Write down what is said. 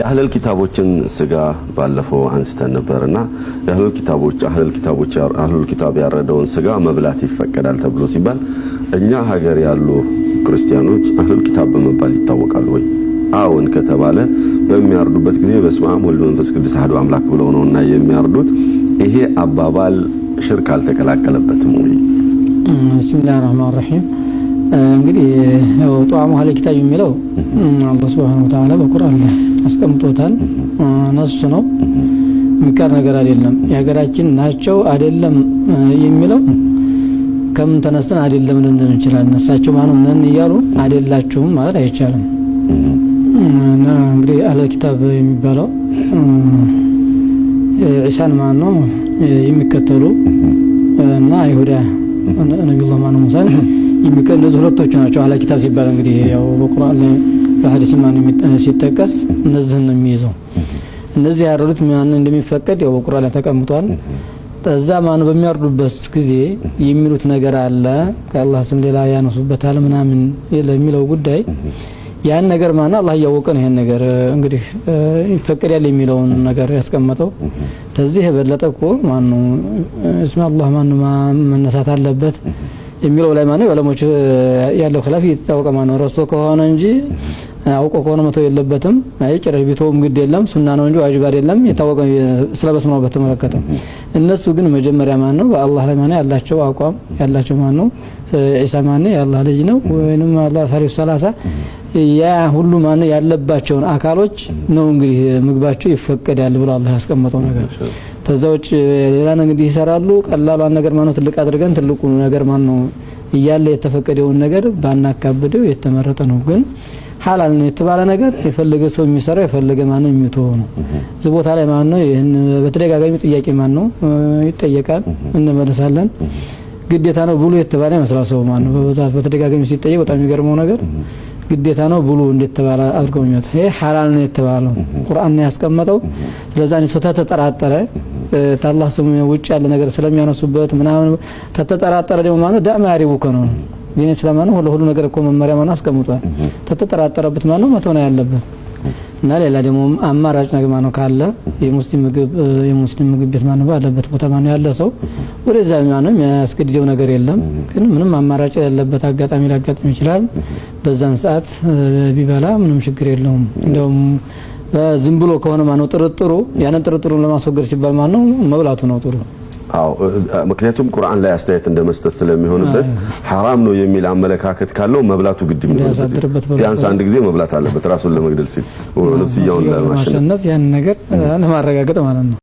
የአህለል ኪታቦችን ስጋ ባለፈው አንስተን ነበር እና የአህለል ኪታቦች አህለል ኪታቦች አህለል ኪታብ ያረደውን ስጋ መብላት ይፈቀዳል ተብሎ ሲባል እኛ ሀገር ያሉ ክርስቲያኖች አህለል ኪታብ በመባል ይታወቃሉ ወይ? አዎን ከተባለ በሚያርዱበት ጊዜ በስመ አብ ወልድ መንፈስ ቅዱስ አሐዱ አምላክ ብለው ነውና የሚያርዱት። ይሄ አባባል ሽርክ አልተቀላቀለበትም ወይ? ቢስሚላህ ራህማን ራሂም እንግዲህ ጠዋሙ አህለል ኪታብ የሚለው አላህ ሱብሓነሁ ወተዓላ በቁርአን ላይ አስቀምጦታል። ነሱ ነው የሚቀር ነገር አይደለም። የሀገራችን ናቸው አይደለም የሚለው ከምን ተነስተን አይደለም ልንል እንችላለን። እሳቸው ማንም ነን እያሉ አይደላችሁም ማለት አይቻልም። እና እንግዲህ አለ ኪታብ የሚባለው ዒሳን ማን ነው የሚከተሉ እና አይሁዳ ነቢዩላህ ማነው ሙሳን የሚከተሉ ሁለቶቹ ናቸው። አለ ኪታብ ሲባል እንግዲህ ያው በቁርአን ላይ በሀዲስ ማን ሲጠቀስ እነዚህን ነው የሚይዘው። እነዚህ ያረዱት ማን እንደሚፈቀድ ያው በቁርአን ላይ ተቀምጧል። እዛ ማን በሚያርዱበት ጊዜ የሚሉት ነገር አለ፣ ከአላህ ስም ሌላ ያነሱበታል ምናምን ለሚለው ጉዳይ ያን ነገር ማን አላህ እያወቀ ነው ይሄን ነገር እንግዲህ ይፈቀዳል የሚለውን ነገር ያስቀመጠው። ተዚህ የበለጠ እኮ ማን ነው እስማ አላህ ማን መነሳት አለበት የሚለው ላይ ማን ዑለሞች ያለው ኺላፍ ይታወቀ ነው ረስቶ ከሆነ እንጂ አውቆ ከሆነ መተው የለበትም። አይ ጭራሽ ቢተውም ግድ የለም ሱና ነው እንጂ ዋጅብ አይደለም። የታወቀ ስለ በስመ በተመለከተ እነሱ ግን መጀመሪያ ማን ነው በአላህ ላይ ማን ያላቸው አቋም ያላቸው ማን ነው? ኢሳ ማን የአላህ ልጅ ነው ወይንም አላህ ሳሪፍ ሰላሳ ያ ሁሉ ማን ያለባቸውን አካሎች ነው እንግዲህ ምግባቸው ይፈቀዳል ብሎ አላህ ያስቀመጠው ነገር። ከዛ ውጭ ሌላ እንግዲህ ይሰራሉ። ቀላሏን ነገር ነው ትልቅ አድርገን ትልቁ ነገር ማን ነው እያለ የተፈቀደውን ነገር ባናካብደው የተመረጠ ነው ግን ሐላል ነው የተባለ ነገር የፈለገ ሰው የሚሰራው የፈለገ ማን ነው የሚተወው ነው። እዚህ ቦታ ላይ ማን ነው ይህን በተደጋጋሚ ጥያቄ ማን ነው ይጠየቃል፣ እንመለሳለን። ግዴታ ነው ብሉ የተባለ ይመስላል ሰው ማን ነው በብዛት በተደጋጋሚ ሲጠየቅ በጣም የሚገርመው ነገር ግዴታ ነው ብሉ እንደተባለ አድርገው የሚመጣ ይሄ ሐላል ነው የተባለው ቁርአን ነው ያስቀመጠው። ስለዚህ እኔ ሰው ተጠራጠረ ታላህ ስም ውጭ ያለ ነገር ስለሚያነሱበት ምናምን ተተጠራጠረ ደግሞ ማለት ዳዕማ ያሪቡከ ነው የኔ ስለማን ሁሉ ሁሉ ነገር እኮ መመሪያ ማነው አስቀምጧል። ተተጠራጠረበት ማነው መቶ ነው ያለበት እና ሌላ ደግሞ አማራጭ ነገር ማነው ካለ የሙስሊም ምግብ የሙስሊም ምግብ ቤት ማነው ባለበት ቦታ ማነው ያለ ሰው ወደዛ ማነው የሚያስገድደው ነገር የለም። ግን ምንም አማራጭ ያለበት አጋጣሚ ሊያጋጥም ይችላል። በዛን ሰዓት ቢበላ ምንም ችግር የለውም። እንደውም ዝም ብሎ ከሆነ ማነው ጥርጥሩ ያንን ጥርጥሩን ለማስወገድ ሲባል ማነው መብላቱ ነው ጥሩ ምክንያቱም ቁርአን ላይ አስተያየት እንደ መስጠት ስለሚሆንበት ሐራም ነው የሚል አመለካከት ካለው መብላቱ ግድ ቢያንስ አንድ ጊዜ መብላት አለበት ራሱን ለመግደል ሲል ነፍስያውን ለማሸነፍ ያን ነገር ለማረጋገጥ ማለት ነው።